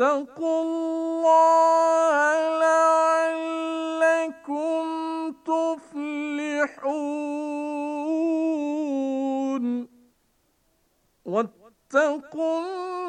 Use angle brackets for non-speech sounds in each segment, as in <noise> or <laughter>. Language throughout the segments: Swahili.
فاتقوا الله لعلكم تفلحون واتقوا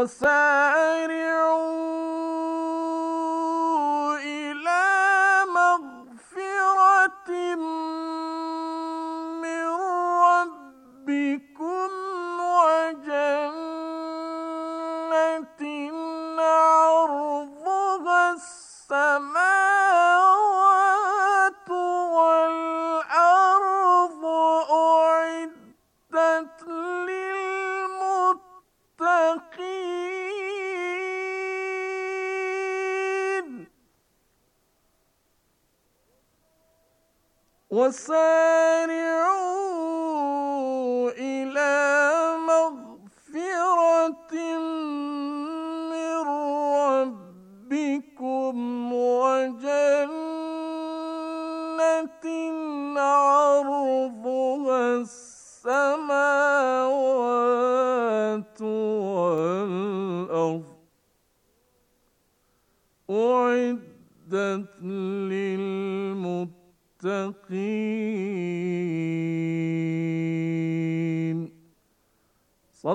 وسارعوا إلى مغفرة من ربكم وجنة عرضها السماوات الْمُتَّقِينَ وسارعوا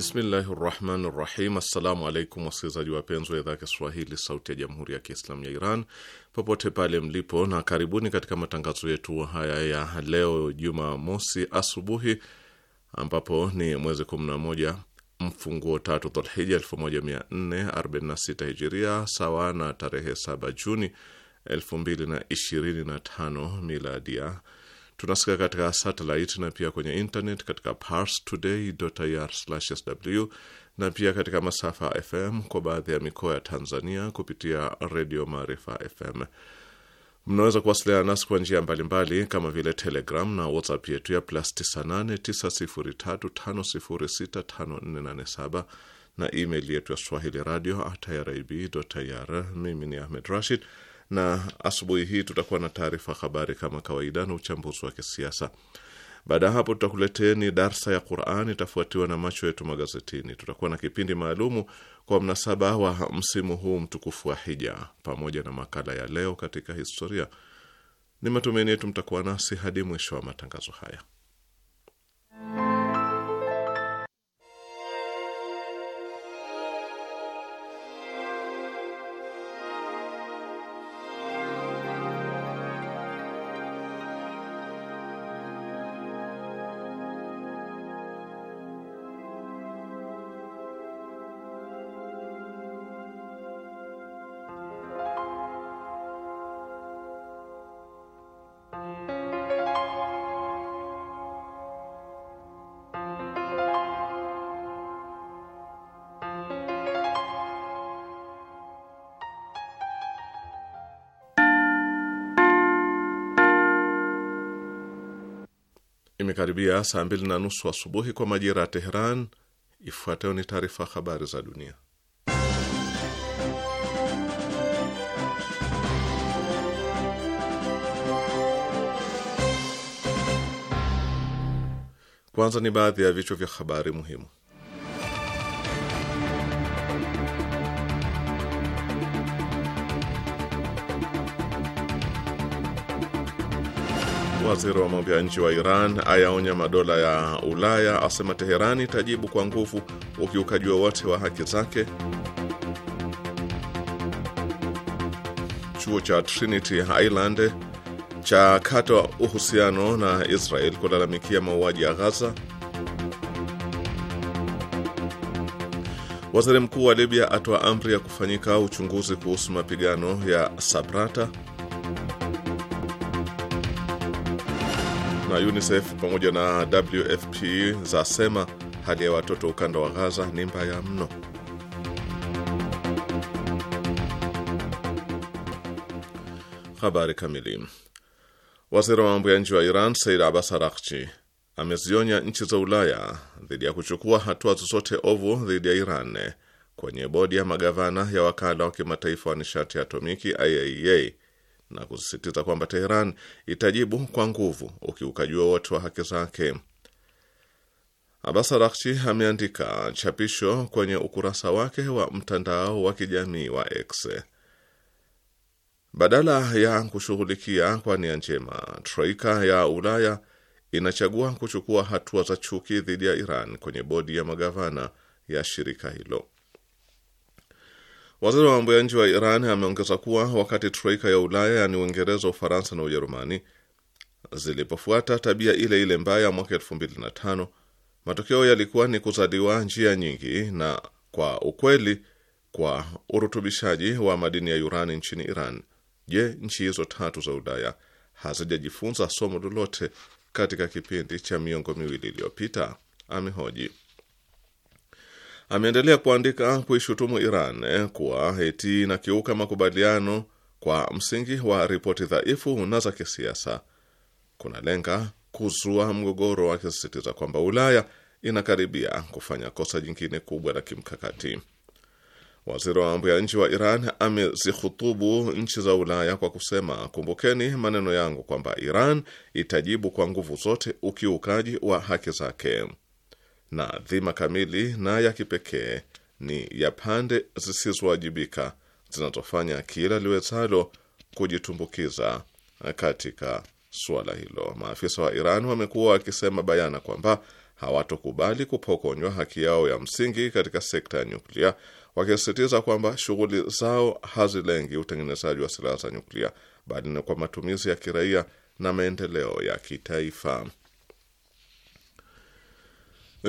Bismillahi rahmani rahim. Assalamu alaikum wasikilizaji wapenzi wa idhaa ya Kiswahili sauti ya jamhuri ya Kiislamu ya Iran popote pale mlipo, na karibuni katika matangazo yetu haya ya leo juma mosi asubuhi ambapo ni mwezi 11 mfunguo tatu Dhulhija 1446 hijiria sawa na tarehe 7 Juni 2025 miladia Tunasikia katika satelit na pia kwenye internet katika parstoday.ir/sw na pia katika masafa FM kwa baadhi ya mikoa ya Tanzania kupitia Redio Maarifa FM. Mnaweza kuwasiliana nasi kwa njia mbalimbali kama vile Telegram na WhatsApp yetu ya plus 989035065487 na email yetu ya swahili radio@irib.ir. Mimi ni Ahmed Rashid na asubuhi hii tutakuwa na taarifa habari kama kawaida na uchambuzi wa kisiasa. Baada ya hapo, tutakuleteni darsa ya Qur'an, itafuatiwa na macho yetu magazetini. Tutakuwa na kipindi maalumu kwa mnasaba wa msimu huu mtukufu wa Hija, pamoja na makala ya leo katika historia. Ni matumaini yetu mtakuwa nasi hadi mwisho wa matangazo haya. Imekaribia saa mbili na nusu asubuhi kwa majira ya Teheran. Ifuatayo ni taarifa habari za dunia. Kwanza ni baadhi ya vichwa vya habari muhimu. waziri wa mambo ya nchi wa Iran ayaonya madola ya Ulaya, asema Teherani itajibu kwa nguvu ukiukaji wowote wa haki zake. Chuo cha Trinity Island cha kata uhusiano na Israel kulalamikia mauaji ya Gaza. Waziri mkuu wa Libya atoa amri ya kufanyika uchunguzi kuhusu mapigano ya Sabrata. na UNICEF pamoja na WFP zasema hali ya watoto ukanda wa Gaza ni mbaya mno. Habari kamili. Waziri wa mambo ya nje wa Iran Said Abbas Araghchi amezionya nchi za Ulaya dhidi ya kuchukua hatua zozote ovu dhidi ya Iran kwenye bodi ya magavana ya wakala wa kimataifa wa nishati ya atomiki IAEA e na kusisitiza kwamba Teheran itajibu kwa nguvu ukiukaji wowote wa haki zake. Abbas Araghchi ameandika chapisho kwenye ukurasa wake wa mtandao wa kijamii wa X. Badala ya kushughulikia kwa nia njema, troika ya Ulaya inachagua kuchukua hatua za chuki dhidi ya Iran kwenye bodi ya magavana ya shirika hilo. Waziri wa mambo ya nje wa Iran ameongeza kuwa wakati troika ya Ulaya yaani Uingereza, Ufaransa na Ujerumani zilipofuata tabia ile ile mbaya mwaka elfu mbili na tano, matokeo yalikuwa ni kuzaliwa njia nyingi na kwa ukweli kwa urutubishaji wa madini ya urani nchini Iran. Je, nchi hizo tatu za Ulaya hazijajifunza somo lolote katika kipindi cha miongo miwili iliyopita? Amehoji ameendelea kuandika kuishutumu Iran kuwa eti inakiuka makubaliano kwa msingi wa ripoti dhaifu na za kisiasa kunalenga kuzua mgogoro, akisisitiza kwamba Ulaya inakaribia kufanya kosa jingine kubwa la kimkakati. Waziri wa mambo ya nchi wa Iran amezihutubu nchi za Ulaya kwa kusema, kumbukeni maneno yangu kwamba Iran itajibu kwa nguvu zote ukiukaji wa haki zake na dhima kamili na ya kipekee ni ya pande zisizowajibika zinazofanya kila liwezalo kujitumbukiza katika suala hilo. Maafisa wa Iran wamekuwa wakisema bayana kwamba hawatokubali kupokonywa haki yao ya msingi katika sekta ya nyuklia, wakisisitiza kwamba shughuli zao hazilengi utengenezaji wa silaha za nyuklia, bali ni kwa matumizi ya kiraia na maendeleo ya kitaifa.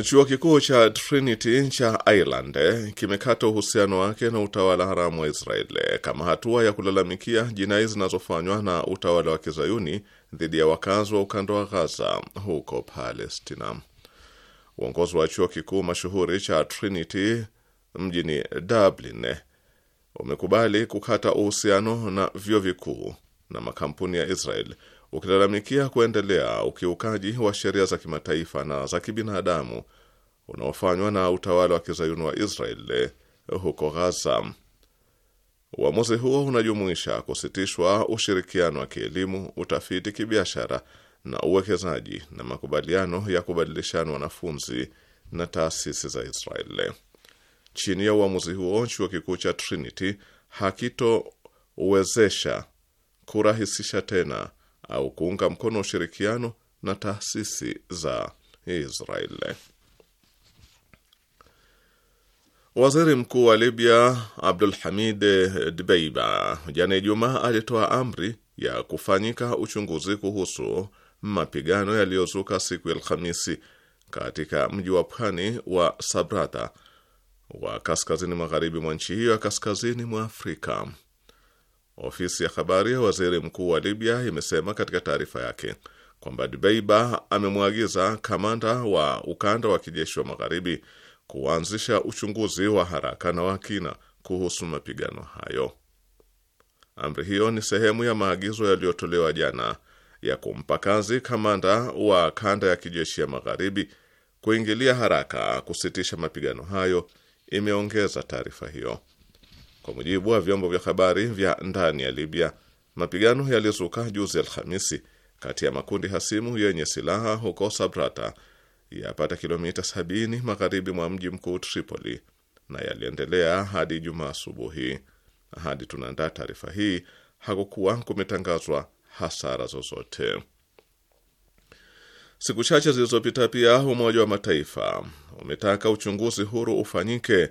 Chuo kikuu cha Trinity cha Ireland eh, kimekata uhusiano wake na utawala haramu wa Israeli eh, kama hatua ya kulalamikia jinai zinazofanywa na utawala wa kizayuni dhidi ya wakazi wa ukanda wa Gaza huko Palestina. Uongozi wa chuo kikuu mashuhuri cha Trinity mjini Dublin eh, umekubali kukata uhusiano na vyuo vikuu na makampuni ya Israel ukilalamikia kuendelea ukiukaji wa sheria za kimataifa na za kibinadamu unaofanywa na utawala wa kizayuni wa Israel eh, huko Gaza. Uamuzi huo unajumuisha kusitishwa ushirikiano wa kielimu, utafiti, kibiashara na uwekezaji na makubaliano ya kubadilishana wanafunzi na taasisi za Israel. Chini ya uamuzi huo, chuo kikuu cha Trinity hakitowezesha kurahisisha tena au kuunga mkono ushirikiano na taasisi za Israel. Waziri Mkuu wa Libya Abdul Hamid Dbeiba jana Ijumaa alitoa amri ya kufanyika uchunguzi kuhusu mapigano yaliyozuka siku ya Alhamisi katika mji wa pwani wa Sabratha wa kaskazini magharibi mwa nchi hiyo ya kaskazini mwa Afrika. Ofisi ya habari ya waziri mkuu wa Libya imesema katika taarifa yake kwamba Dbeiba amemwagiza kamanda wa ukanda wa kijeshi wa magharibi kuanzisha uchunguzi wa haraka na wa kina kuhusu mapigano hayo. Amri hiyo ni sehemu ya maagizo yaliyotolewa jana ya kumpa kazi kamanda wa kanda ya kijeshi ya magharibi kuingilia haraka kusitisha mapigano hayo, imeongeza taarifa hiyo. Kwa mujibu wa vyombo vya habari vya ndani ya Libya, mapigano yalizuka juzi Alhamisi kati ya makundi hasimu yenye silaha huko Sabrata, yapata kilomita 70 magharibi mwa mji mkuu Tripoli, na yaliendelea hadi Ijumaa asubuhi. Hadi tunaandaa taarifa hii, hakukuwa kumetangazwa hasara zozote. Siku chache zilizopita, pia Umoja wa Mataifa umetaka uchunguzi huru ufanyike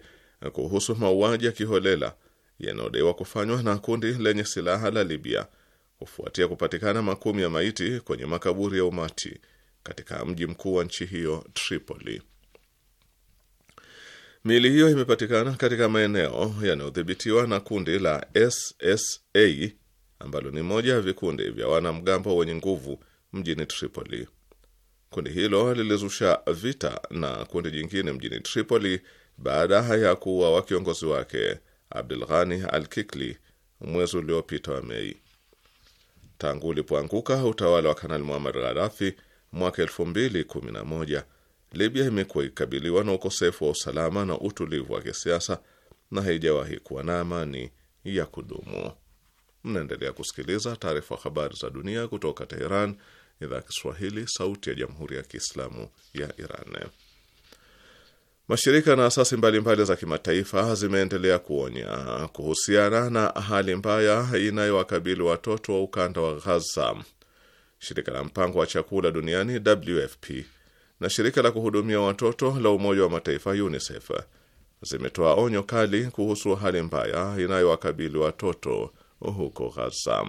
kuhusu mauaji ya kiholela yanayodaiwa kufanywa na kundi lenye silaha la Libya kufuatia kupatikana makumi ya maiti kwenye makaburi ya umati katika mji mkuu wa nchi hiyo Tripoli. Miili hiyo imepatikana katika maeneo yanayodhibitiwa na kundi la SSA ambalo ni moja ya vikundi vya wanamgambo wenye nguvu mjini Tripoli. Kundi hilo lilizusha vita na kundi jingine mjini Tripoli baada ya wa kiongozi wake Abdul Ghani Al Kikli mwezi uliopita wa Mei. Tangu ulipoanguka utawala wa Kanali Muammar Gaddafi mwaka 2011, Libya imekuwa ikikabiliwa na ukosefu wa usalama na utulivu wa kisiasa na haijawahi kuwa na amani ya kudumu. Mnaendelea kusikiliza taarifa habari za dunia kutoka Teheran, idhaa ya Kiswahili, sauti ya jamhuri ya kiislamu ya Iran. Mashirika na asasi mbalimbali za kimataifa zimeendelea kuonya kuhusiana na hali mbaya inayowakabili watoto wa ukanda wa Ghaza. Shirika la mpango wa chakula duniani WFP na shirika la kuhudumia watoto la Umoja wa Mataifa UNICEF zimetoa onyo kali kuhusu hali mbaya inayowakabili watoto huko Ghaza.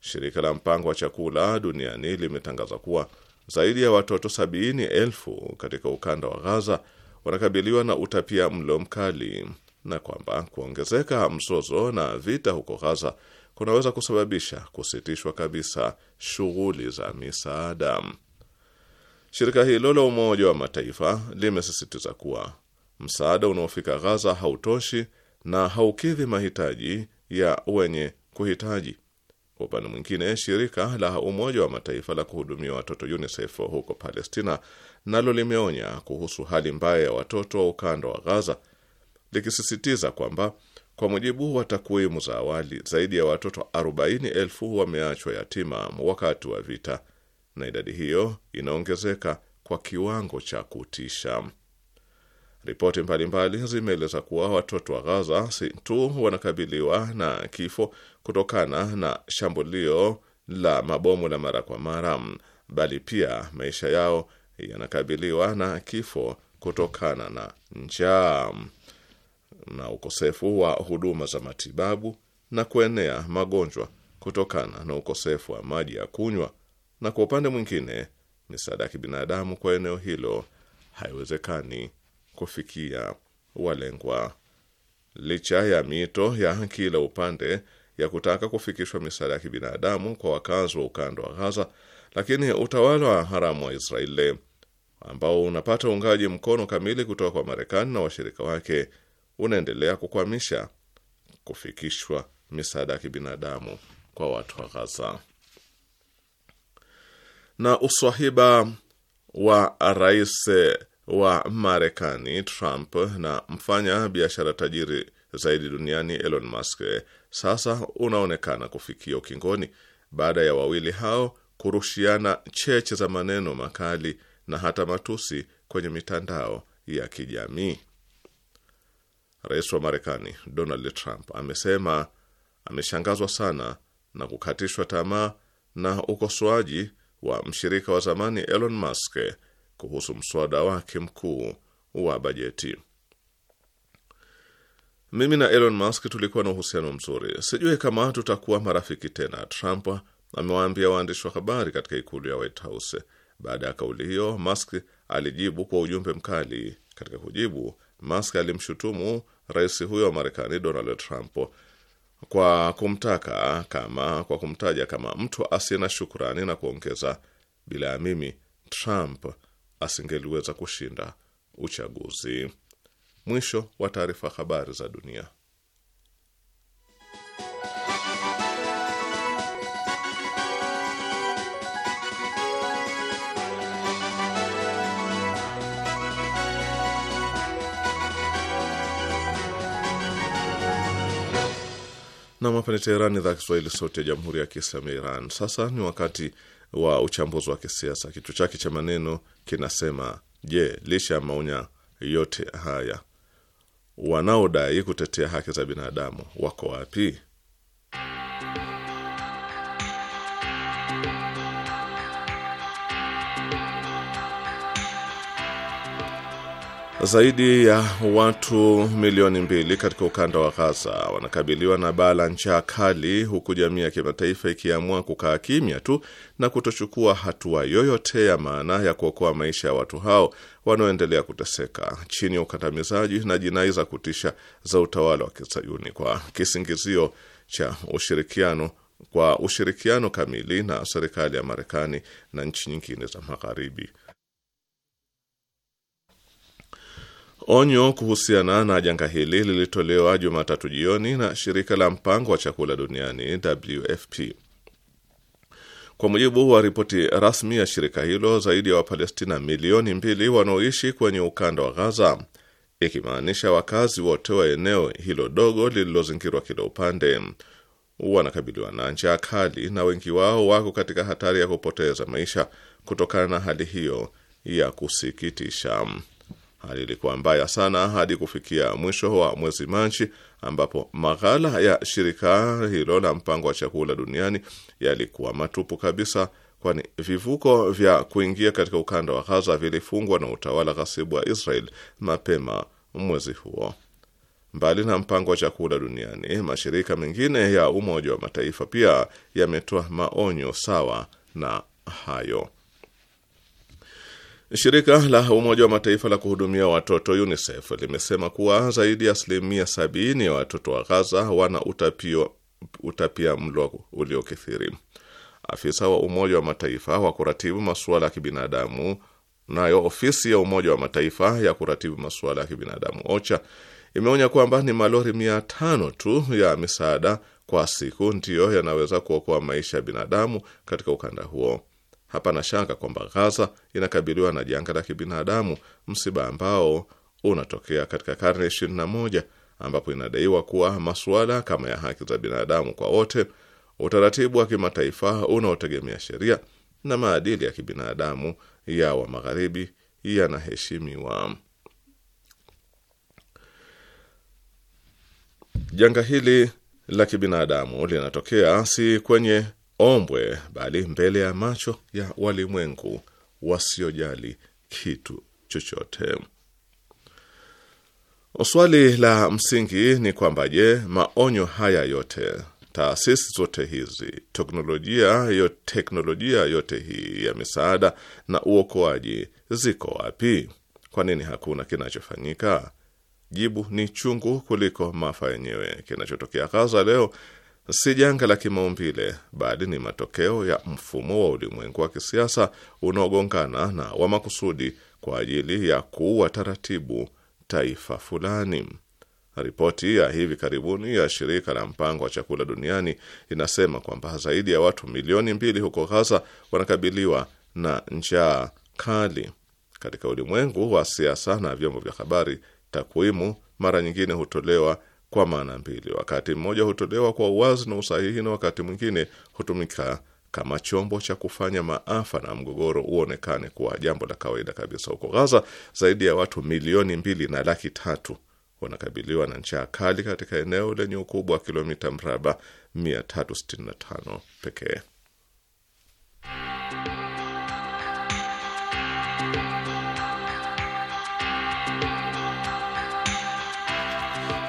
Shirika la mpango wa chakula duniani limetangaza kuwa zaidi ya watoto sabini elfu katika ukanda wa Ghaza wanakabiliwa na utapia mlo mkali na kwamba kuongezeka mzozo na vita huko Ghaza kunaweza kusababisha kusitishwa kabisa shughuli za misaada. Shirika hilo la Umoja wa Mataifa limesisitiza kuwa msaada unaofika Ghaza hautoshi na haukidhi mahitaji ya wenye kuhitaji. Kwa upande mwingine, shirika la Umoja wa Mataifa la kuhudumia watoto UNICEF huko Palestina nalo limeonya kuhusu hali mbaya ya watoto wa ukanda wa Gaza likisisitiza kwamba kwa mujibu wa takwimu za awali zaidi ya watoto arobaini wameachwa yatima wakati wa vita na idadi hiyo inaongezeka kwa kiwango cha kutisha. Ripoti mbalimbali zimeeleza kuwa watoto wa Gaza si tu wanakabiliwa na kifo kutokana na shambulio la mabomu la mara kwa mara, bali pia maisha yao yanakabiliwa na kifo kutokana na njaa na ukosefu wa huduma za matibabu na kuenea magonjwa kutokana na ukosefu wa maji ya kunywa. Na kwa upande mwingine, misaada ya kibinadamu kwa eneo hilo haiwezekani kufikia walengwa licha ya miito ya kila upande ya kutaka kufikishwa misaada ya kibinadamu kwa wakazi wa ukanda wa Gaza, lakini utawala wa haramu wa Israeli ambao unapata uungaji mkono kamili kutoka kwa Marekani na washirika wake unaendelea kukwamisha kufikishwa misaada ya kibinadamu kwa watu wa Gaza. Na uswahiba wa rais wa Marekani Trump na mfanya biashara tajiri zaidi duniani Elon Musk sasa unaonekana kufikia ukingoni baada ya wawili hao kurushiana cheche za maneno makali na hata matusi kwenye mitandao ya kijamii. Rais wa Marekani Donald Trump amesema ameshangazwa sana na kukatishwa tamaa na ukosoaji wa mshirika wa zamani Elon Musk kuhusu mswada wake mkuu wa bajeti. Mimi na Elon Musk tulikuwa na uhusiano mzuri, sijui kama tutakuwa marafiki tena, Trump amewaambia waandishi wa habari katika ikulu ya White House. Baada ya kauli hiyo, Musk alijibu kwa ujumbe mkali. Katika kujibu, Musk alimshutumu rais huyo wa Marekani Donald Trump kwa kumtaka kama kwa kumtaja kama mtu asiye na shukrani na kuongeza, bila ya mimi Trump asingeliweza kushinda uchaguzi. Mwisho wa taarifa. Habari za dunia. Nam, hapa ni idhaa Kiswahili, sauti ya jamhuri ya kiislamu ya Iran. Sasa ni wakati wa uchambuzi wa kisiasa, kichwa chake cha maneno kinasema: Je, licha ya maonya yote haya wanaodai kutetea haki za binadamu wako wapi? Zaidi ya watu milioni mbili katika ukanda wa Gaza wanakabiliwa na baa la njaa kali, huku jamii ya kimataifa ikiamua kukaa kimya tu na kutochukua hatua yoyote ya maana ya kuokoa maisha ya watu hao wanaoendelea kuteseka chini ya ukandamizaji na jinai za kutisha za utawala wa kisayuni kwa kisingizio cha ushirikiano kwa ushirikiano kamili na serikali ya Marekani na nchi nyingine za Magharibi. Onyo kuhusiana na janga hili lilitolewa Jumatatu jioni na shirika la mpango wa chakula duniani WFP. Kwa mujibu wa ripoti rasmi ya shirika hilo, zaidi ya Wapalestina milioni mbili wanaoishi kwenye ukanda wa Gaza, ikimaanisha wakazi wote wa eneo hilo dogo lililozingirwa kila upande, wanakabiliwa na njaa kali na wengi wao wako katika hatari ya kupoteza maisha kutokana na hali hiyo ya kusikitisha. Hali ilikuwa mbaya sana hadi kufikia mwisho wa mwezi Machi ambapo maghala ya shirika hilo la mpango wa chakula duniani yalikuwa matupu kabisa, kwani vivuko vya kuingia katika ukanda wa Ghaza vilifungwa na utawala ghasibu wa Israel mapema mwezi huo. Mbali na mpango wa chakula duniani, mashirika mengine ya Umoja wa Mataifa pia yametoa maonyo sawa na hayo. Shirika la Umoja wa Mataifa la kuhudumia watoto UNICEF limesema kuwa zaidi ya asilimia sabini ya watoto wa Ghaza wana utapio, utapia mlo uliokithiri. Afisa wa Umoja wa Mataifa wa kuratibu masuala ya kibinadamu nayo ofisi ya Umoja wa Mataifa ya kuratibu masuala ya kibinadamu OCHA imeonya kwamba ni malori mia tano tu ya misaada kwa siku ndiyo yanaweza kuokoa maisha ya binadamu katika ukanda huo. Hapana shaka kwamba Ghaza inakabiliwa na janga la kibinadamu, msiba ambao unatokea katika karne 21 ambapo inadaiwa kuwa masuala kama ya haki za binadamu kwa wote, utaratibu wa kimataifa unaotegemea sheria na maadili ya kibinadamu ya wa Magharibi yanaheshimiwa. Janga hili la kibinadamu linatokea si kwenye ombwe, bali mbele ya macho ya walimwengu wasiojali kitu chochote. Swali la msingi ni kwamba je, maonyo haya yote, taasisi zote hizi, teknolojia yo, teknolojia yote hii ya misaada na uokoaji ziko wapi? Kwa nini hakuna kinachofanyika? Jibu ni chungu kuliko maafa yenyewe. Kinachotokea Gaza leo si janga la kimaumbile, bali ni matokeo ya mfumo wa ulimwengu wa kisiasa unaogongana na wa makusudi kwa ajili ya kuua taratibu taifa fulani. Ripoti ya hivi karibuni ya shirika la mpango wa chakula duniani inasema kwamba zaidi ya watu milioni mbili huko Gaza wanakabiliwa na njaa kali. Katika ulimwengu wa siasa na vyombo vya habari, takwimu mara nyingine hutolewa kwa maana mbili. Wakati mmoja hutolewa kwa uwazi na usahihi, na wakati mwingine hutumika kama chombo cha kufanya maafa na mgogoro uonekane kuwa jambo la kawaida kabisa. Huko Gaza, zaidi ya watu milioni mbili na laki tatu wanakabiliwa na njaa kali katika eneo lenye ukubwa wa kilomita mraba 365 pekee.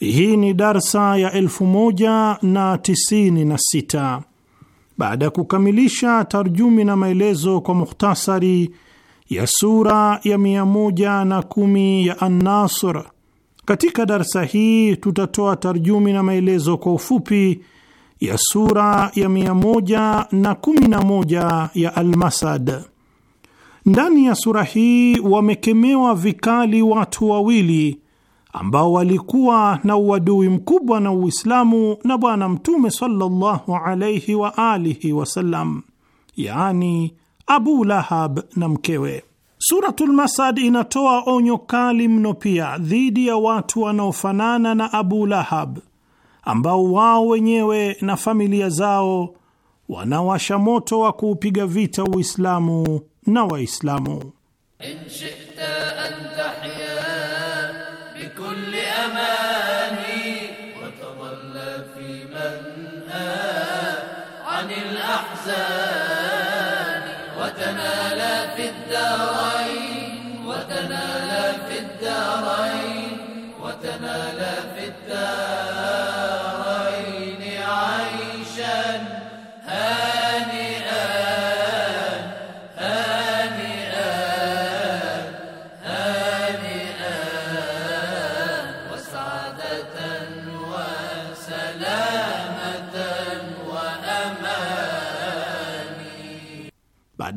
Hii ni darsa ya elfu moja na tisini na sita baada ya kukamilisha tarjumi na maelezo kwa mukhtasari ya sura ya mia moja na kumi ya An-Nasr. Katika darsa hii tutatoa tarjumi na maelezo kwa ufupi ya sura ya mia moja na kumi na moja ya almasad Ndani ya sura hii wamekemewa vikali watu wawili ambao walikuwa na uadui mkubwa na Uislamu na Bwana Mtume sallallahu alaihi wa alihi wasallam, yani Abu Lahab na mkewe. Suratul Masad inatoa onyo kali mno pia dhidi ya watu wanaofanana na Abu Lahab ambao wao wenyewe na familia zao wanawasha moto wa kuupiga vita Uislamu na Waislamu.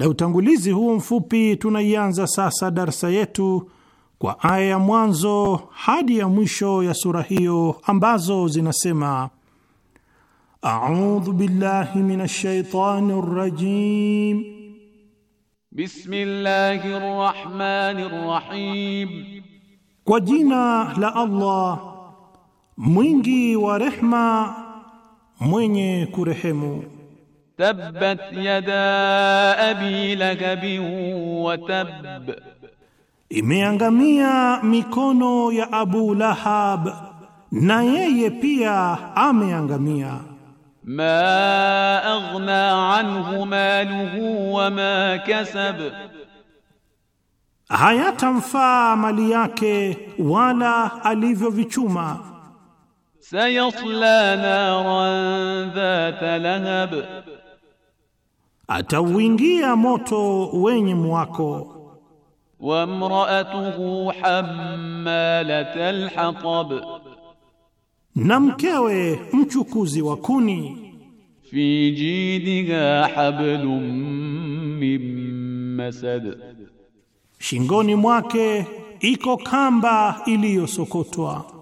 Baada ya utangulizi huu mfupi, tunaianza sasa darsa yetu kwa aya ya mwanzo hadi ya mwisho ya sura hiyo ambazo zinasema: audhu billahi min shaitani rrajim, bismillahi rrahmani rrahim, kwa jina la Allah mwingi wa rehma mwenye kurehemu. تبت يدا أبي لهب وتب Imeangamia mikono ya Abu Lahab na yeye pia ameangamia. Ma aghna anhu maluhu wa ma kasab, hayatamfaa mali yake wala alivyovichuma. Sayasla naran dhata lahab atauingia moto wenye mwako. wa mraatuhu hammalatal hatab, na mkewe mchukuzi wa kuni. fi jidiha hablum min masad, shingoni mwake iko kamba iliyosokotwa.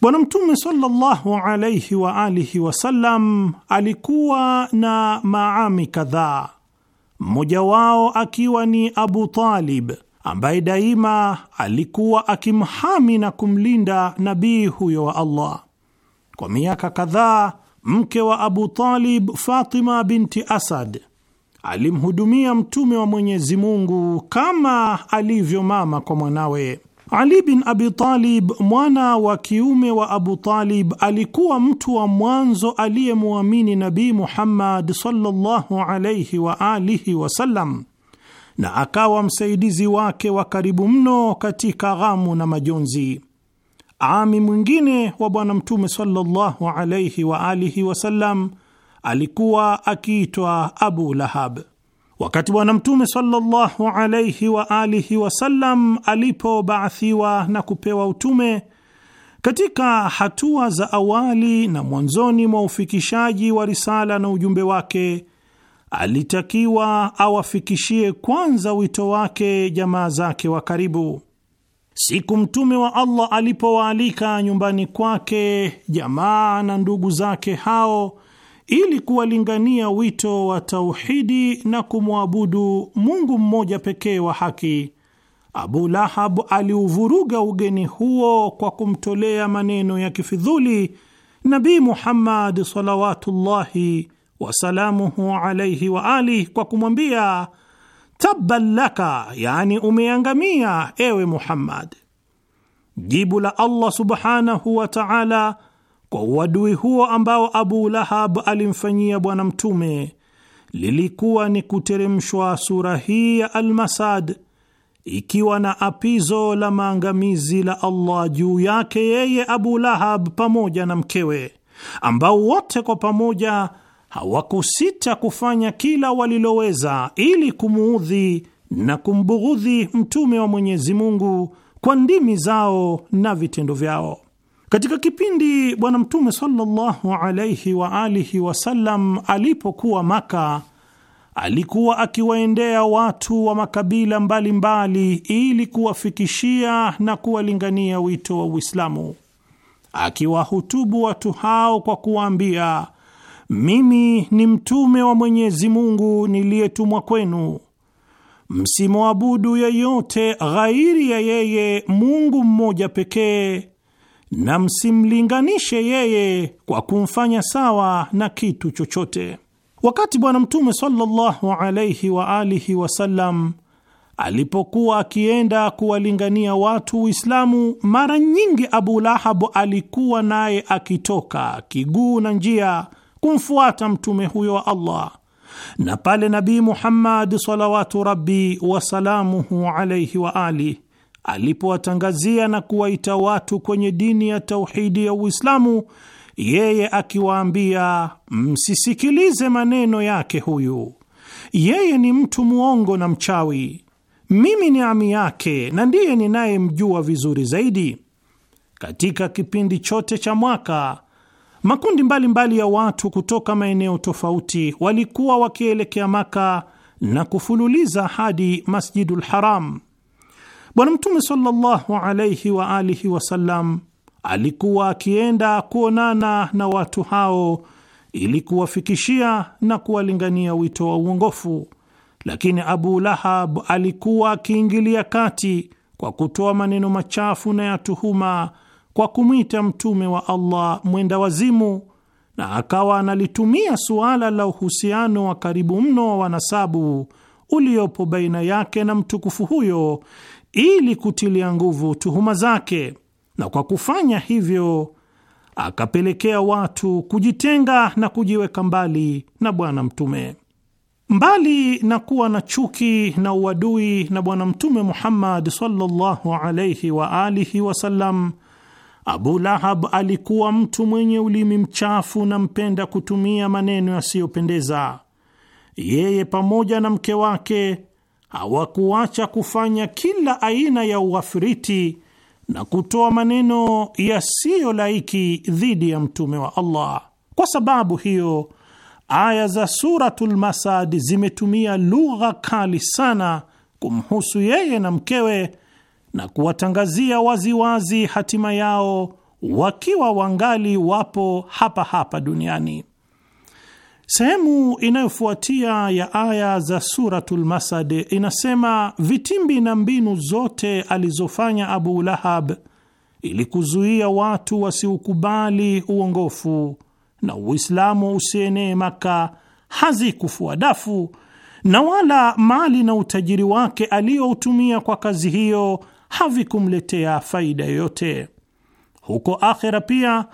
Bwana Mtume sallallahu alaihi wa alihi wasallam alikuwa na maami kadhaa, mmoja wao akiwa ni Abu Talib ambaye daima alikuwa akimhami na kumlinda nabii huyo wa Allah. Kwa miaka kadhaa, mke wa Abu Talib, Fatima binti Asad, alimhudumia Mtume wa Mwenyezi Mungu kama alivyo mama kwa mwanawe. Ali bin Abi Talib mwana wa kiume wa Abu Talib alikuwa mtu wa mwanzo aliyemwamini nabi Muhammad sallallahu alayhi wa alihi wasallam na akawa msaidizi wake wa karibu mno katika ghamu na majonzi. Ami mwingine wa Bwana Mtume sallallahu alayhi wa alihi wasallam alikuwa akiitwa Abu Lahab. Wakati Bwana Mtume sallallahu alayhi wa alihi wasallam alipobaathiwa na kupewa utume, katika hatua za awali na mwanzoni mwa ufikishaji wa risala na ujumbe wake, alitakiwa awafikishie kwanza wito wake jamaa zake wa karibu. Siku mtume wa Allah alipowaalika nyumbani kwake jamaa na ndugu zake hao ili kuwalingania wito wa tauhidi na kumwabudu Mungu mmoja pekee wa haki. Abu Lahab aliuvuruga ugeni huo kwa kumtolea maneno ya kifidhuli Nabii Muhammad salawatullahi wasalamuhu alaihi wa alih kwa kumwambia tabban laka, yani umeangamia ewe Muhammad. Jibu la Allah subhanahu wa ta'ala kwa uadui huo ambao Abu Lahab alimfanyia Bwana Mtume lilikuwa ni kuteremshwa sura hii ya Almasad ikiwa na apizo la maangamizi la Allah juu yake yeye Abu Lahab pamoja na mkewe, ambao wote kwa pamoja hawakusita kufanya kila waliloweza ili kumuudhi na kumbughudhi mtume wa Mwenyezi Mungu kwa ndimi zao na vitendo vyao. Katika kipindi Bwana Mtume sallallahu alaihi wa alihi wasallam alipokuwa Maka, alikuwa akiwaendea watu wa makabila mbalimbali mbali, ili kuwafikishia na kuwalingania wito wa Uislamu, akiwahutubu watu hao kwa kuwaambia, mimi ni mtume wa Mwenyezi Mungu niliyetumwa kwenu Msimwabudu yeyote ghairi ya yeye, Mungu mmoja pekee, na msimlinganishe yeye kwa kumfanya sawa na kitu chochote. Wakati Bwana Mtume sallallahu wa alihi wasallam alipokuwa akienda kuwalingania watu Uislamu, mara nyingi Abu Lahabu alikuwa naye akitoka kiguu na njia kumfuata mtume huyo wa Allah, na pale Nabii Muhammad salawatu rabbi wasalamuhu alaihi wa alihi alipowatangazia na kuwaita watu kwenye dini ya tauhidi ya Uislamu, yeye akiwaambia msisikilize maneno yake huyu, yeye ni mtu mwongo na mchawi, mimi ni ami yake na ndiye ninayemjua vizuri zaidi. Katika kipindi chote cha mwaka makundi mbalimbali mbali ya watu kutoka maeneo tofauti walikuwa wakielekea Maka na kufululiza hadi Masjidul Haram Bwana Mtume sallallahu alaihi wa alihi wasallam alikuwa akienda kuonana na watu hao ili kuwafikishia na kuwalingania wito wa uongofu, lakini Abu Lahab alikuwa akiingilia kati kwa kutoa maneno machafu na ya tuhuma kwa kumwita mtume wa Allah mwenda wazimu, na akawa analitumia suala la uhusiano wa karibu mno wa wanasabu uliopo baina yake na mtukufu huyo ili kutilia nguvu tuhuma zake, na kwa kufanya hivyo akapelekea watu kujitenga na kujiweka mbali na Bwana Mtume. Mbali na kuwa na chuki na uadui na Bwana Mtume Muhammad sallallahu alayhi wa alihi wasallam, Abu Lahab alikuwa mtu mwenye ulimi mchafu na mpenda kutumia maneno yasiyopendeza. Yeye pamoja na mke wake hawakuacha kufanya kila aina ya ughafiriti na kutoa maneno yasiyo laiki dhidi ya mtume wa Allah. Kwa sababu hiyo, aya za Suratul Masad zimetumia lugha kali sana kumhusu yeye na mkewe na kuwatangazia waziwazi hatima yao wakiwa wangali wapo hapa hapa duniani. Sehemu inayofuatia ya aya za Suratul Masad inasema vitimbi na mbinu zote alizofanya Abu Lahab ili kuzuia watu wasiukubali uongofu na Uislamu usienee Maka hazikufua dafu na wala mali na utajiri wake aliyoutumia kwa kazi hiyo havikumletea faida yoyote huko akhera pia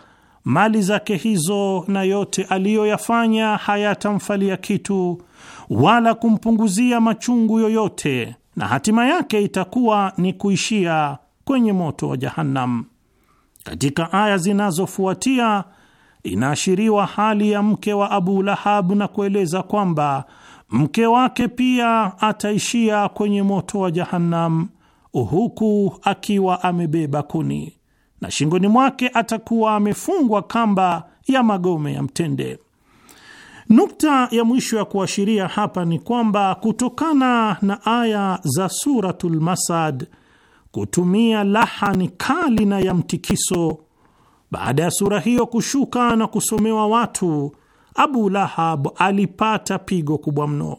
mali zake hizo na yote aliyoyafanya hayatamfalia kitu wala kumpunguzia machungu yoyote, na hatima yake itakuwa ni kuishia kwenye moto wa Jahannam. Katika aya zinazofuatia inaashiriwa hali ya mke wa Abu Lahabu na kueleza kwamba mke wake pia ataishia kwenye moto wa Jahannam, huku akiwa amebeba kuni na shingoni mwake atakuwa amefungwa kamba ya magome ya mtende. Nukta ya mwisho ya kuashiria hapa ni kwamba kutokana na aya za Suratul Masad kutumia lahani kali na ya mtikiso, baada ya sura hiyo kushuka na kusomewa watu, Abu Lahab alipata pigo kubwa mno.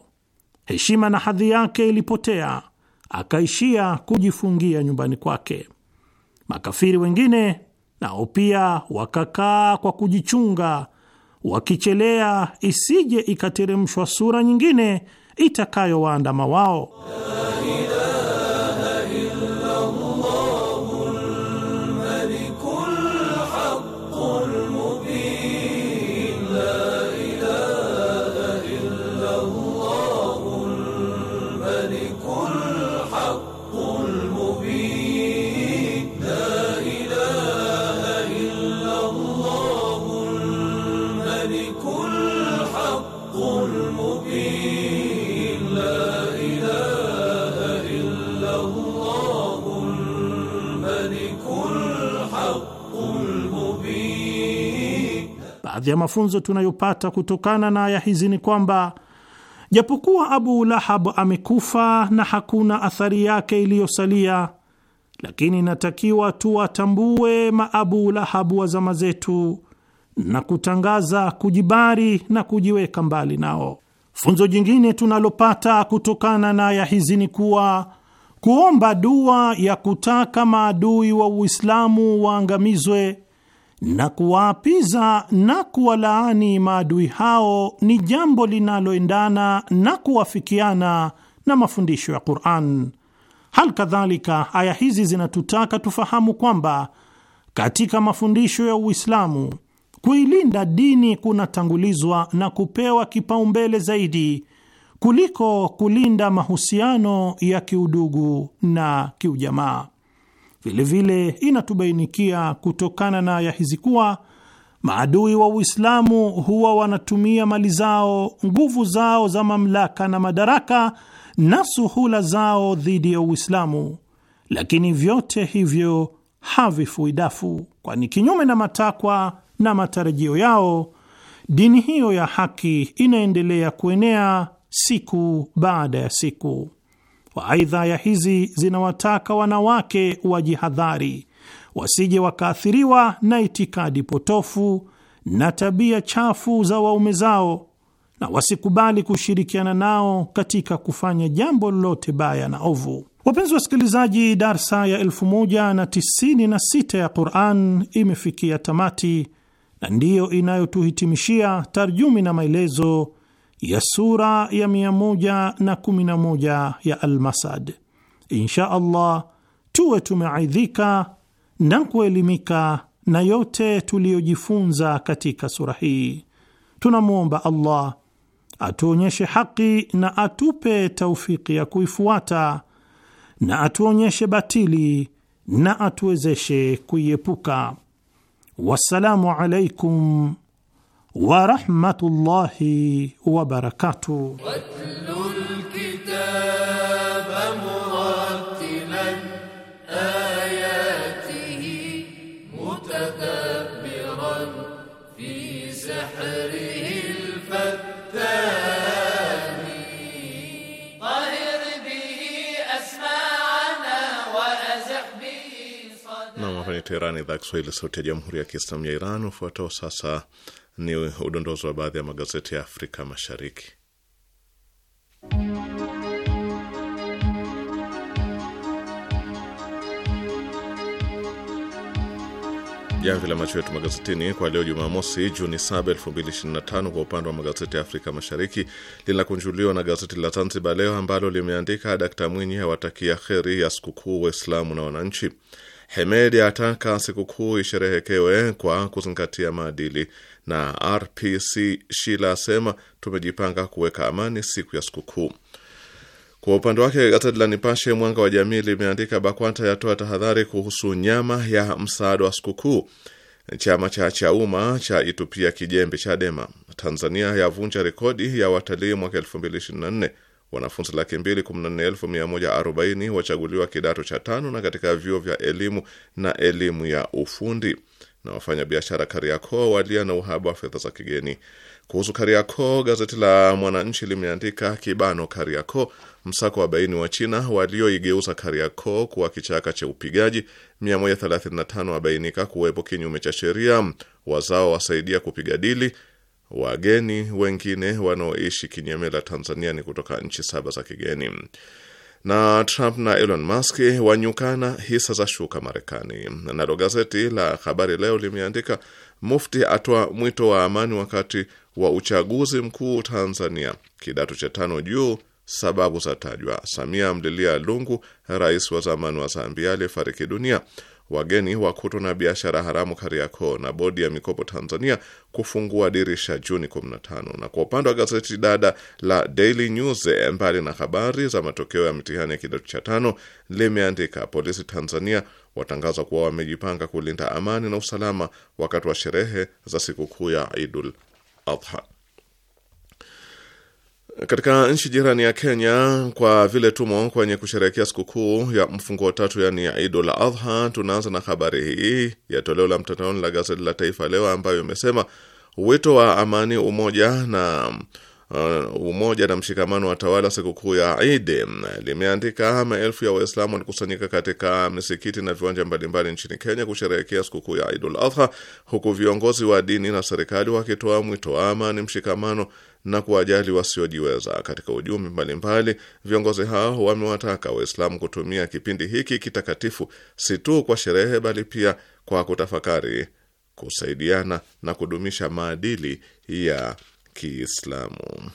Heshima na hadhi yake ilipotea, akaishia kujifungia nyumbani kwake. Makafiri wengine nao pia wakakaa kwa kujichunga, wakichelea isije ikateremshwa sura nyingine itakayowaandama wao Baadhi ya mafunzo tunayopata kutokana na aya hizi ni kwamba japokuwa Abu Lahab amekufa na hakuna athari yake iliyosalia, lakini inatakiwa tuwatambue maabu Lahabu wa zama zetu na kutangaza kujibari na kujiweka mbali nao. Funzo jingine tunalopata kutokana na aya hizi ni kuwa kuomba dua ya kutaka maadui wa Uislamu waangamizwe na kuwaapiza na kuwalaani maadui hao ni jambo linaloendana na kuwafikiana na mafundisho ya Qur'an. Hal kadhalika aya hizi zinatutaka tufahamu kwamba katika mafundisho ya Uislamu kuilinda dini kunatangulizwa na kupewa kipaumbele zaidi kuliko kulinda mahusiano ya kiudugu na kiujamaa. Vilevile inatubainikia kutokana na aya hizi kuwa maadui wa Uislamu huwa wanatumia mali zao, nguvu zao za mamlaka na madaraka na suhula zao dhidi ya Uislamu, lakini vyote hivyo havifui dafu, kwani kinyume na matakwa na matarajio yao, dini hiyo ya haki inaendelea kuenea siku baada ya siku. Waaidha, aya hizi zinawataka wanawake wajihadhari, wasije wakaathiriwa na itikadi potofu na tabia chafu za waume zao, na wasikubali kushirikiana nao katika kufanya jambo lolote baya na ovu. Wapenzi wasikilizaji, darsa ya 1096 ya Quran imefikia tamati na ndiyo inayotuhitimishia tarjumi na maelezo ya sura ya 111 ya Almasad. Insha Allah tuwe tumeaidhika na kuelimika na yote tuliyojifunza katika sura hii. Tunamwomba Allah atuonyeshe haki na atupe taufiki ya kuifuata na atuonyeshe batili na atuwezeshe kuiepuka. Wassalamu alaikum ورحمة الله وبركاته واتل الكتاب مرتلا آياته متدبرا في سحره الفتان طهر به أسماعنا وأزح به صدرنا. Nam hapa ni Teherani, idhaa Kiswahili, sauti ya jamhuri ya kiislamu ya Iran. Ufuatao sasa ni udondozi wa baadhi ya magazeti ya Afrika Mashariki. Jamvi la macho yetu magazetini kwa leo Jumamosi, Juni 7, 2025. Kwa upande wa magazeti ya Afrika Mashariki, linakunjuliwa na gazeti la Zanzibar Leo ambalo limeandika Dkt Mwinyi awatakia kheri ya sikukuu Waislamu na wananchi. Hemedi ataka sikukuu isherehekewe kwa kuzingatia maadili na RPC Shila asema tumejipanga kuweka amani siku ya sikukuu. Kwa upande wake gazeti la Nipashe Mwanga wa Jamii limeandika BAKWATA yatoa tahadhari kuhusu nyama ya msaada wa sikukuu. Chama cha Chauma cha itupia kijembe Chadema. Tanzania yavunja rekodi ya watalii mwaka 2024. Wanafunzi laki mbili kumi na nne elfu mia moja arobaini wachaguliwa kidato cha tano na katika vyuo vya elimu na elimu ya ufundi na wafanyabiashara Kariakoo walia na uhaba wa fedha za kigeni. Kuhusu Kariakoo, gazeti la Mwananchi limeandika kibano Kariakoo, msako wa baini wa China walioigeuza Kariakoo kuwa kichaka cha upigaji. 135 wabainika kuwepo kinyume cha sheria, wazao wasaidia kupiga dili. Wageni wengine wanaoishi kinyemela Tanzania ni kutoka nchi saba za kigeni na Trump na Elon Musk wanyukana, hisa za shuka Marekani. Nalo gazeti la Habari Leo limeandika Mufti atoa mwito wa amani wakati wa uchaguzi mkuu Tanzania, kidato cha tano juu, sababu za tajwa. Samia mlilia Lungu, rais wa zamani wa Zambia aliyefariki dunia wageni wa kuto na biashara haramu Kariakoo na bodi ya mikopo Tanzania kufungua dirisha Juni 15. Na kwa upande wa gazeti dada la Daily News, mbali na habari za matokeo ya mitihani ya kidato cha tano, limeandika polisi Tanzania watangaza kuwa wamejipanga kulinda amani na usalama wakati wa sherehe za sikukuu ya Idul Adha. Katika nchi jirani ya Kenya, kwa vile tumo kwenye kusherehekea sikukuu ya mfungo wa tatu, yaani ya la Adha, tunaanza na habari hii ya toleo la mtandaoni la gazeti la Taifa Leo ambayo imesema wito wa amani, umoja na uh, umoja na mshikamano wa tawala sikukuu ya Idi. Limeandika maelfu ya Waislamu walikusanyika katika misikiti na viwanja mbalimbali nchini Kenya kusherehekea sikukuu ya Idul Adha, huku viongozi wa dini na serikali wakitoa mwito wa amani, mshikamano na kuwajali wasiojiweza. Katika ujumbe mbalimbali, viongozi hao wamewataka Waislamu kutumia kipindi hiki kitakatifu si tu kwa sherehe, bali pia kwa kutafakari, kusaidiana na kudumisha maadili ya Kiislamu.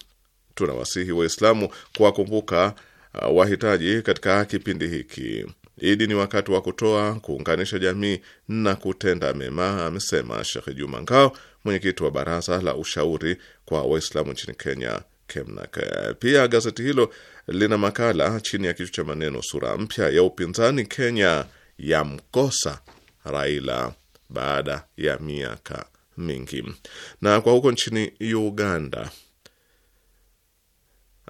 Tunawasihi Waislamu kuwakumbuka uh, wahitaji katika kipindi hiki. Idi ni wakati wa kutoa, kuunganisha jamii na kutenda mema, amesema Shekh Juma Ngao, mwenyekiti wa baraza la ushauri kwa Waislamu nchini Kenya, KEMNAK. Pia gazeti hilo lina makala chini ya kichwa cha maneno sura mpya ya upinzani Kenya ya mkosa Raila baada ya miaka mingi. Na kwa huko nchini Uganda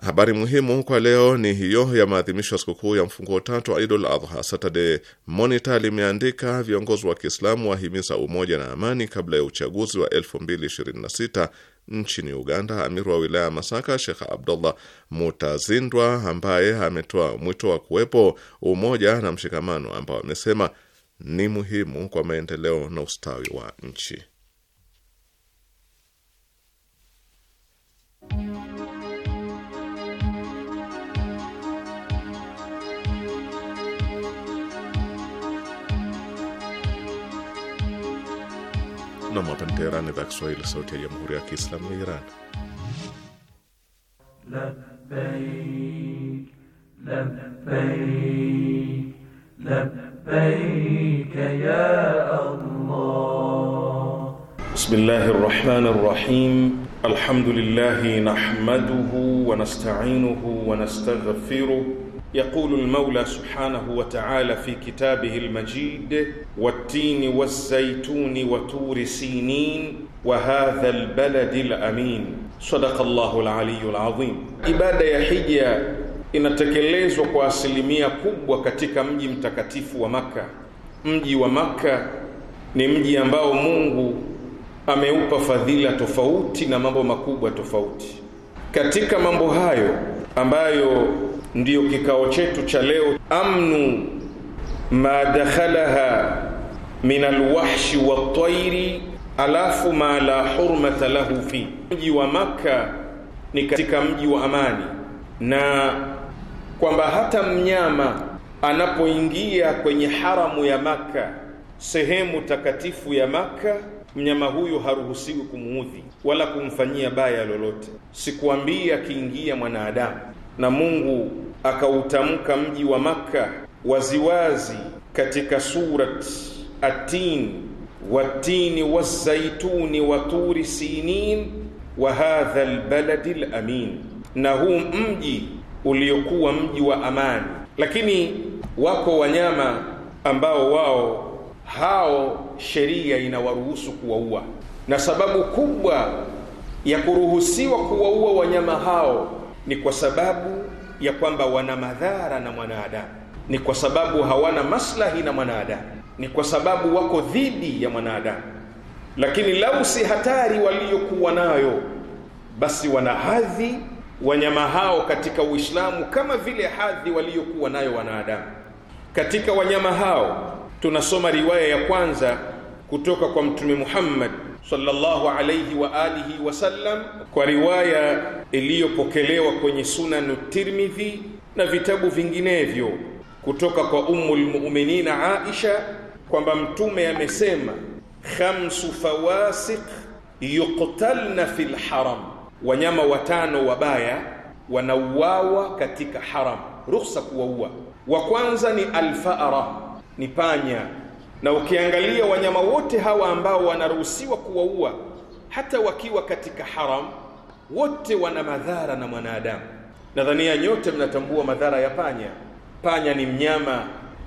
Habari muhimu kwa leo ni hiyo ya maadhimisho ya sikukuu ya mfunguo tatu idl Idul Adha. Saturday Monitor limeandika viongozi wa Kiislamu wahimiza umoja na amani kabla ya uchaguzi wa 2026 nchini Uganda. amir wa wilaya ya Masaka shekh Abdullah Mutazindwa, ambaye ametoa mwito wa kuwepo umoja na mshikamano, ambao amesema ni muhimu kwa maendeleo na ustawi wa nchi. na mwapa ni Teherani, idhaa Kiswahili, sauti ya jamhuri ya kiislamu ya Iran. Labbaik, labbaik, labbaik ya Allah. Bismillahir Rahmanir Rahim. Alhamdulillahi nahmaduhu wa nasta'inuhu wa nastaghfiruh يقول المولى سبحانه وتعالى في كتابه المجيد والتين والزيتون وتور سينين وهذا البلد الأمين صدق الله العلي العظيم ibada ya hija inatekelezwa kwa asilimia kubwa katika mji mtakatifu wa Maka. Mji wa Maka ni mji ambao Mungu ameupa fadhila tofauti na mambo makubwa tofauti. Katika mambo hayo ambayo ndiyo kikao chetu cha leo, amnu ma dakhalaha min alwahshi watairi alafu ma la hurmata lahu fi. Mji wa Makka ni katika mji wa amani, na kwamba hata mnyama anapoingia kwenye haramu ya Makka, sehemu takatifu ya Makka, mnyama huyu haruhusiwi kumuudhi wala kumfanyia baya lolote. Sikuambia akiingia mwanadamu na Mungu akautamka mji wa Makka waziwazi katika surat Atin, watini wazaituni waturi sinin wa hadha lbaladi lamin, na huu mji uliokuwa mji wa amani. Lakini wako wanyama ambao wao hao sheria inawaruhusu kuwaua, na sababu kubwa ya kuruhusiwa kuwaua wanyama hao ni kwa sababu ya kwamba wana madhara na mwanadamu, ni kwa sababu hawana maslahi na mwanadamu, ni kwa sababu wako dhidi ya mwanadamu. Lakini lau si hatari waliyokuwa nayo, basi wana hadhi wanyama hao katika Uislamu kama vile hadhi waliyokuwa nayo wanadamu. Katika wanyama hao tunasoma riwaya ya kwanza kutoka kwa Mtume Muhammad sallallahu alayhi wa alihi wasallam, kwa riwaya iliyopokelewa kwenye sunan Tirmidhi na vitabu vinginevyo kutoka kwa ummu Muminina Aisha kwamba Mtume amesema khamsu fawasik yuqtalna fi lharam wanyama watano wabaya wanauawa katika haram, ruhusa kuwaua. Wa kwanza ni alfara, ni panya na ukiangalia wanyama wote hawa ambao wanaruhusiwa kuwaua hata wakiwa katika haram, wote wana madhara na mwanadamu. Nadhania nyote mnatambua madhara ya panya. Panya ni mnyama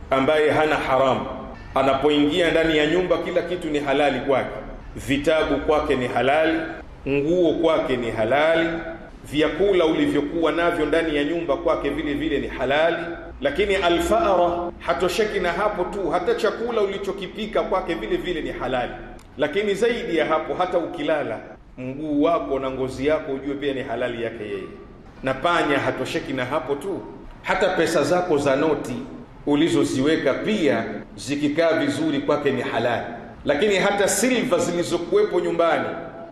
ambaye hana haramu. Anapoingia ndani ya nyumba, kila kitu ni halali kwake. Vitabu kwake ni halali, nguo kwake ni halali, vyakula ulivyokuwa navyo ndani ya nyumba kwake vile vile ni halali. Lakini alfara hatosheki na hapo tu, hata chakula ulichokipika kwake vile vile ni halali. Lakini zaidi ya hapo, hata ukilala mguu wako na ngozi yako ujue pia ni halali yake yeye. Na panya hatosheki na hapo tu, hata pesa zako za noti ulizoziweka pia zikikaa vizuri kwake ni halali. Lakini hata silva zilizokuwepo nyumbani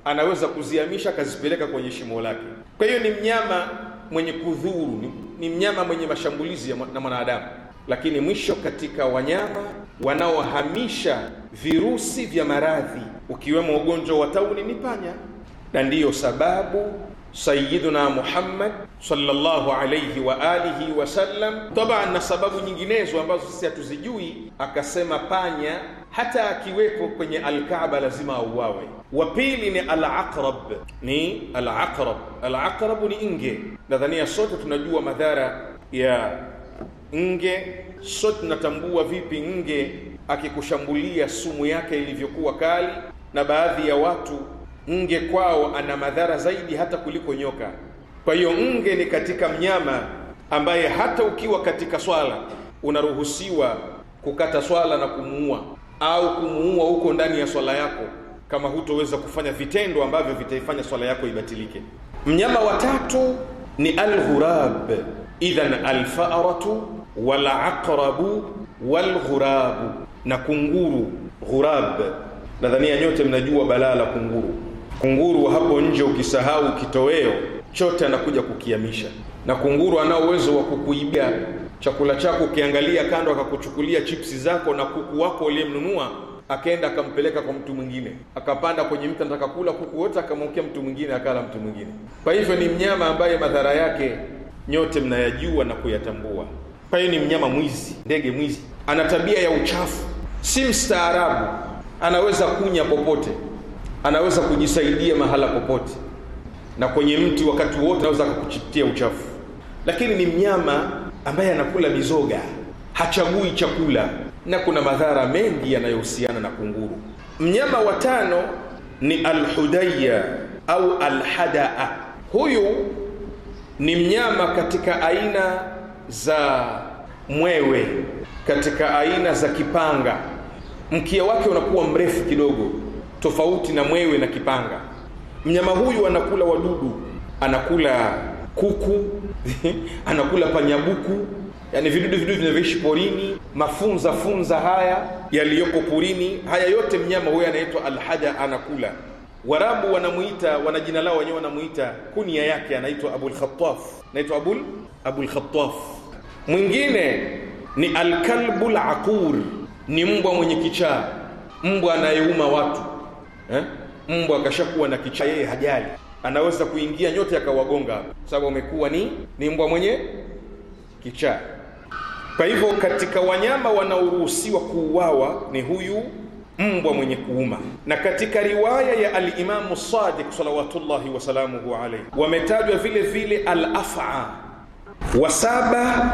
anaweza kuzihamisha akazipeleka kwenye shimo lake. Kwa hiyo ni mnyama mwenye kudhuru ni mnyama mwenye mashambulizi na mwanadamu, lakini mwisho katika wanyama wanaohamisha virusi vya maradhi ukiwemo ugonjwa wa tauni ni panya, na ndiyo sababu Sayyiduna Muhammad sallallahu alayhi wa alihi wasallam, taban na sababu nyinginezo ambazo sisi hatuzijui, akasema panya hata akiwepo kwenye Alkaaba lazima auawe. Wa pili ni alaqrab, ni alaqrab. Alaqrabu ni nge. Nadhania sote tunajua madhara ya nge, sote tunatambua vipi nge akikushambulia sumu yake ilivyokuwa kali, na baadhi ya watu nge kwao ana madhara zaidi hata kuliko nyoka. Kwa hiyo nge ni katika mnyama ambaye hata ukiwa katika swala unaruhusiwa kukata swala na kumuua au kumuua huko ndani ya swala yako, kama hutoweza kufanya vitendo ambavyo vitaifanya swala yako ibatilike. Mnyama watatu ni alghurab. Idhan alfaratu walaqrabu walghurabu, na kunguru ghurab. Nadhania nyote mnajua balaa la kunguru. Kunguru hapo nje ukisahau kitoweo chote anakuja kukiamisha, na kunguru anao uwezo wa kukuibia chakula chako ukiangalia kando, akakuchukulia chipsi zako na kuku wako uliyemnunua, akaenda akampeleka kwa mtu mwingine, akapanda kwenye mti, anataka kula kuku wote, akamwokea mtu mwingine, akala mtu mwingine. Kwa hivyo ni mnyama ambaye madhara yake nyote mnayajua na kuyatambua. Kwa hiyo ni mnyama mwizi, ndege mwizi, ana tabia ya uchafu, si mstaarabu, anaweza kunya popote, anaweza kujisaidia mahala popote, na kwenye mti wakati wote anaweza akakuchitia uchafu, lakini ni mnyama ambaye anakula mizoga hachagui chakula, na kuna madhara mengi yanayohusiana na kunguru. Mnyama wa tano ni alhudaya au alhadaa. Huyu ni mnyama katika aina za mwewe, katika aina za kipanga. Mkia wake unakuwa mrefu kidogo, tofauti na mwewe na kipanga. Mnyama huyu anakula wadudu, anakula kuku <laughs> anakula panyabuku yani vidudu vidudu vinavyoishi porini mafunza funza haya yaliyoko porini haya yote mnyama huyo anaitwa alhaja anakula warabu wanamuita wana jina lao wenyewe wanamuita kunia yake anaitwa abulkhataf anaitwa abul abulkhataf mwingine ni alkalbu laqur ni mbwa mwenye kichaa mbwa anayeuma watu eh? mbwa akashakuwa na kichaa yeye hajali anaweza kuingia nyote akawagonga, kwa sababu amekuwa ni ni mbwa mwenye kichaa. Kwa hivyo katika wanyama wanaoruhusiwa kuuawa ni huyu mbwa mwenye kuuma. Na katika riwaya ya Alimamu Sadiq salawatullahi wasalamuhu alaihi wametajwa vile vile afa Wa saba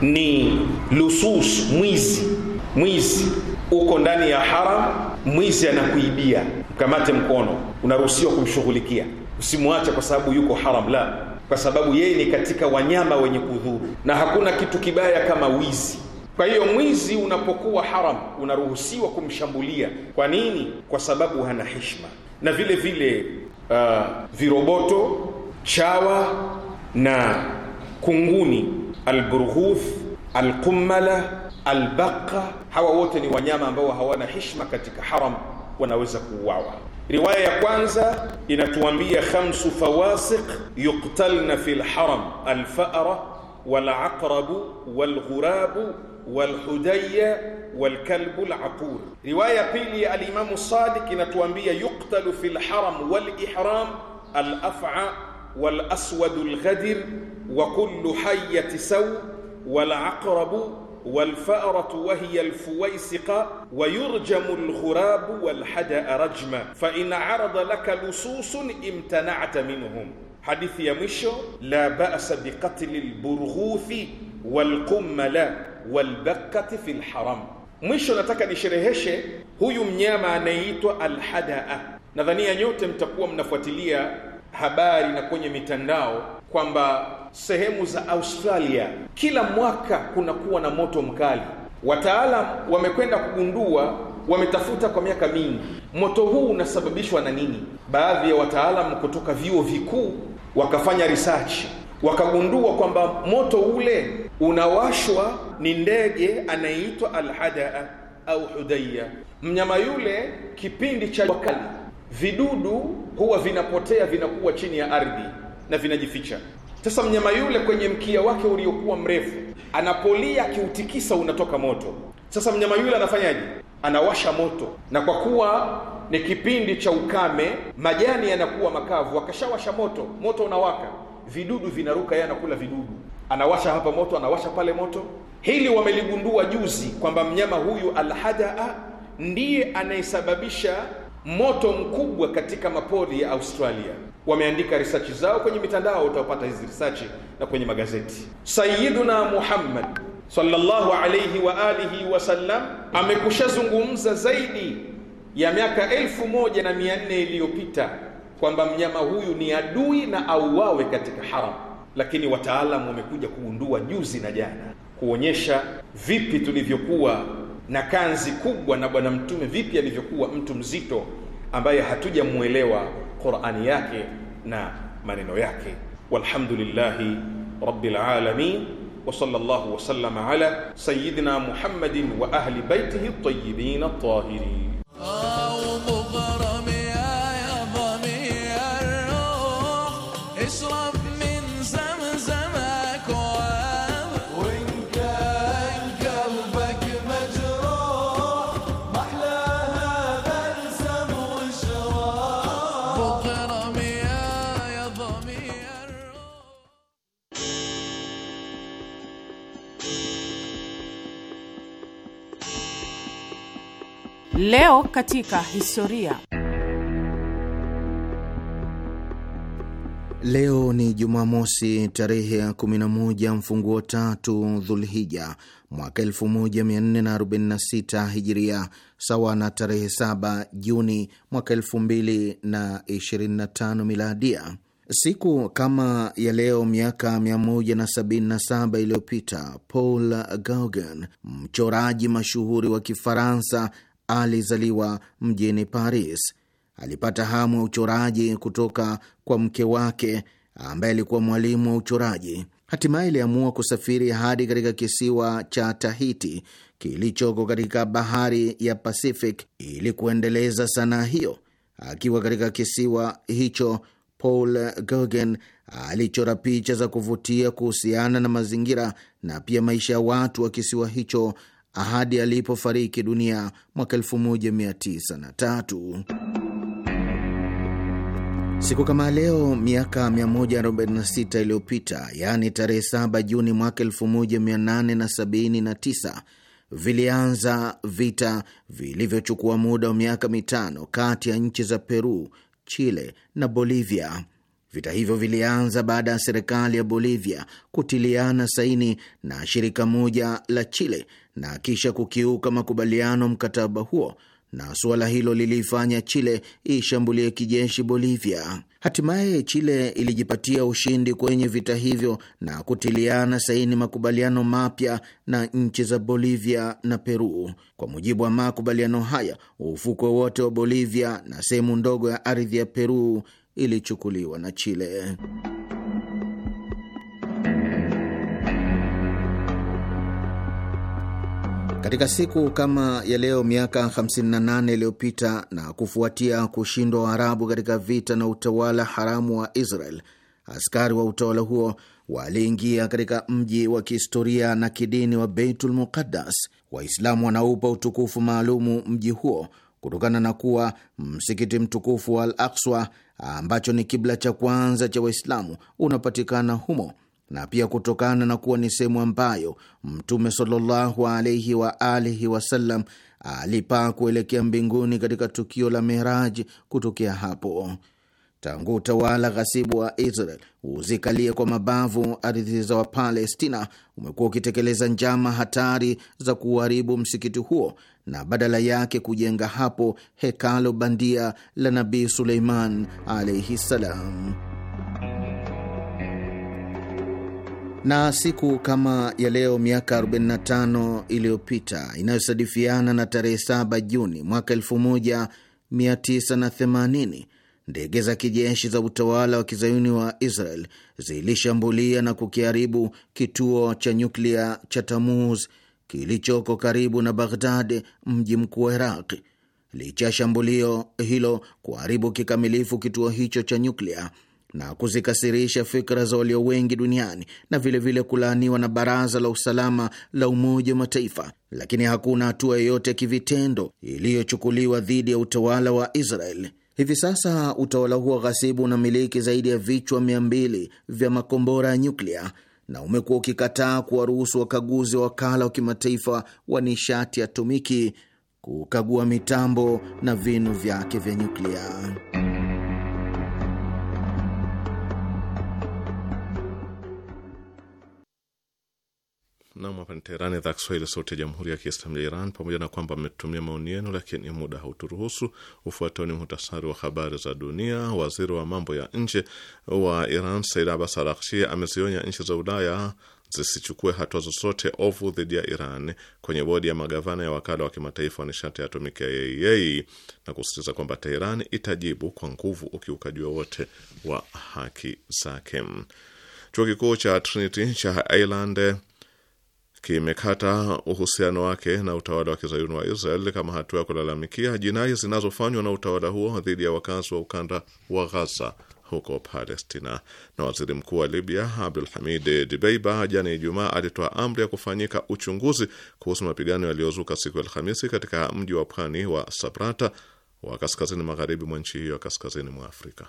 ni lusus, mwizi. Mwizi uko ndani ya haram, mwizi anakuibia, mkamate mkono, unaruhusiwa kumshughulikia usimwache kwa sababu yuko haram, la, kwa sababu yeye ni katika wanyama wenye kudhuru, na hakuna kitu kibaya kama wizi. Kwa hiyo mwizi unapokuwa haram, unaruhusiwa kumshambulia. Kwa nini? Kwa sababu hana hishma Na vile vile uh, viroboto, chawa na kunguni, alburghuf, alqummala, albaqa, hawa wote ni wanyama ambao hawana hishma katika haram, wanaweza kuuawa. riwaya ya kwanza inatuambia khamsu fawasiq yuqtalna fi lharam alfara walaqrabu walghurabu walhudaya walkalbu laqur riwaya pili ya alimamu sadik inatuambia yuqtalu fi lharam walihram alafa والأسود الغدر وكل حية سو والعقرب والفأرة وهي الفويسقة ويرجم الغراب والحدأ رجما فإن عرض لك لصوص امتنعت منهم حديث يا مشو لا بأس بقتل البرغوث والقمل والبكة في الحرم mwisho nataka nishereheshe huyu mnyama anayeitwa alhadaa nadhania nyote mtakuwa mnafuatilia habari na kwenye mitandao kwamba sehemu za Australia kila mwaka kunakuwa na moto mkali. Wataalam wamekwenda kugundua, wametafuta kwa miaka mingi, moto huu unasababishwa na nini. Baadhi ya wataalam kutoka vyuo vikuu wakafanya research, wakagundua kwamba moto ule unawashwa ni ndege anayeitwa alhadaa au hudaya. Mnyama yule kipindi cha wakali, vidudu huwa vinapotea, vinakuwa chini ya ardhi na vinajificha sasa mnyama yule kwenye mkia wake uliokuwa mrefu, anapolia akiutikisa unatoka moto. Sasa mnyama yule anafanyaje? Anawasha moto, na kwa kuwa ni kipindi cha ukame, majani yanakuwa makavu. Akashawasha moto, moto unawaka, vidudu vinaruka, yeye anakula vidudu, anawasha hapa moto, anawasha pale moto. Hili wameligundua juzi kwamba mnyama huyu alhadaa ndiye anayesababisha moto mkubwa katika mapori ya Australia wameandika risachi zao kwenye mitandao, utapata hizi risachi na kwenye magazeti. Sayyiduna Muhammad sallallahu alayhi wa alihi sallam amekushazungumza zaidi ya miaka elfu moja na mia nne iliyopita kwamba mnyama huyu ni adui na auawe katika haram, lakini wataalamu wamekuja kugundua juzi na jana kuonyesha vipi tulivyokuwa na kanzi kubwa na Bwana Mtume, vipi alivyokuwa mtu mzito ambaye hatujamuelewa Qur'ani yake na maneno yake walhamdulillahi rabbil alamin wa sallallahu wa sallama ala sayyidina Muhammadin wa ahli baitihi at-tayyibin at-tahirin Leo katika historia. Leo ni Jumamosi, tarehe ya 11 mfunguo tatu Dhulhija mwaka 1446 Hijiria, sawa na tarehe 7 Juni mwaka 2025 Miladia. Siku kama ya leo miaka 177 iliyopita Paul Gauguin, mchoraji mashuhuri wa Kifaransa alizaliwa mjini Paris. Alipata hamu ya uchoraji kutoka kwa mke wake ambaye alikuwa mwalimu wa uchoraji. Hatimaye aliamua kusafiri hadi katika kisiwa cha Tahiti kilichoko katika bahari ya Pacific ili kuendeleza sanaa hiyo. Akiwa katika kisiwa hicho, Paul Gauguin alichora picha za kuvutia kuhusiana na mazingira na pia maisha ya watu wa kisiwa hicho hadi alipofariki dunia mwaka 1903. Siku kama leo miaka 146 iliyopita, yaani tarehe 7 Juni mwaka 1879 vilianza vita vilivyochukua muda wa miaka mitano kati ya nchi za Peru, Chile na Bolivia. Vita hivyo vilianza baada ya serikali ya Bolivia kutiliana saini na shirika moja la Chile na kisha kukiuka makubaliano mkataba huo, na suala hilo liliifanya Chile ishambulie kijeshi Bolivia. Hatimaye Chile ilijipatia ushindi kwenye vita hivyo na kutiliana saini makubaliano mapya na nchi za Bolivia na Peru. Kwa mujibu wa makubaliano haya, ufukwe wote wa Bolivia na sehemu ndogo ya ardhi ya Peru ilichukuliwa na Chile. Katika siku kama ya leo miaka 58 iliyopita na kufuatia kushindwa Waarabu katika vita na utawala haramu wa Israel, askari wa utawala huo waliingia katika mji wa kihistoria na kidini wa Beitul Muqaddas. Waislamu wanaupa utukufu maalumu mji huo kutokana na kuwa msikiti mtukufu wa Al Akswa, ambacho ni kibla cha kwanza cha Waislamu, unapatikana humo na pia kutokana na kuwa ni sehemu ambayo Mtume sallallahu alaihi wa alihi wasallam alipaa kuelekea mbinguni katika tukio la Miraji. Kutokea hapo, tangu utawala ghasibu wa Israel uzikalie kwa mabavu ardhi za Wapalestina, umekuwa ukitekeleza njama hatari za kuharibu msikiti huo na badala yake kujenga hapo hekalo bandia la Nabii Suleiman alaihi ssalam. na siku kama ya leo miaka 45 iliyopita inayosadifiana na tarehe 7 Juni mwaka 1980 ndege za kijeshi za utawala wa kizayuni wa Israel zilishambulia na kukiharibu kituo cha nyuklia cha Tamuz kilichoko karibu na Baghdad, mji mkuu wa iraq Licha ya shambulio hilo kuharibu kikamilifu kituo hicho cha nyuklia na kuzikasirisha fikra za walio wengi duniani na vilevile kulaaniwa na Baraza la Usalama la Umoja wa Mataifa, lakini hakuna hatua yoyote ya kivitendo iliyochukuliwa dhidi ya utawala wa Israel. Hivi sasa utawala huo ghasibu unamiliki zaidi ya vichwa 200 vya makombora ya nyuklia na umekuwa ukikataa kuwaruhusu wakaguzi wa wakala wa kimataifa wa nishati atomiki kukagua mitambo na vinu vyake vya nyuklia. Nam, hapa ni Teherani, idhaa Kiswahili, sauti ya jamhuri ya kiislamu ya Iran. Pamoja na kwamba ametumia maoni yenu, lakini muda hauturuhusu. Ufuatao ni muhtasari wa habari za dunia. Waziri wa mambo ya nje wa Iran Said Abbas Araghchi amezionya nchi za Ulaya zisichukue hatua zozote ovu dhidi ya Iran kwenye bodi ya magavana ya wakala wa kimataifa wa nishati ya atomiki ya IAEA e na kusisitiza kwamba Teheran itajibu kwa nguvu ukiukaji wowote wa haki zake. Chuo kikuu cha Trinity cha Ireland kimekata uhusiano wake na utawala wa kizayuni wa Israel kama hatua ya kulalamikia jinai zinazofanywa na utawala huo dhidi ya wakazi wa ukanda wa Ghaza huko Palestina. Na waziri mkuu wa Libya Abdul Hamid Dibeiba jana Ijumaa alitoa amri ya kufanyika uchunguzi kuhusu mapigano yaliyozuka siku ya Alhamisi katika mji wa pwani wa Sabrata wa kaskazini magharibi mwa nchi hiyo ya kaskazini mwa Afrika.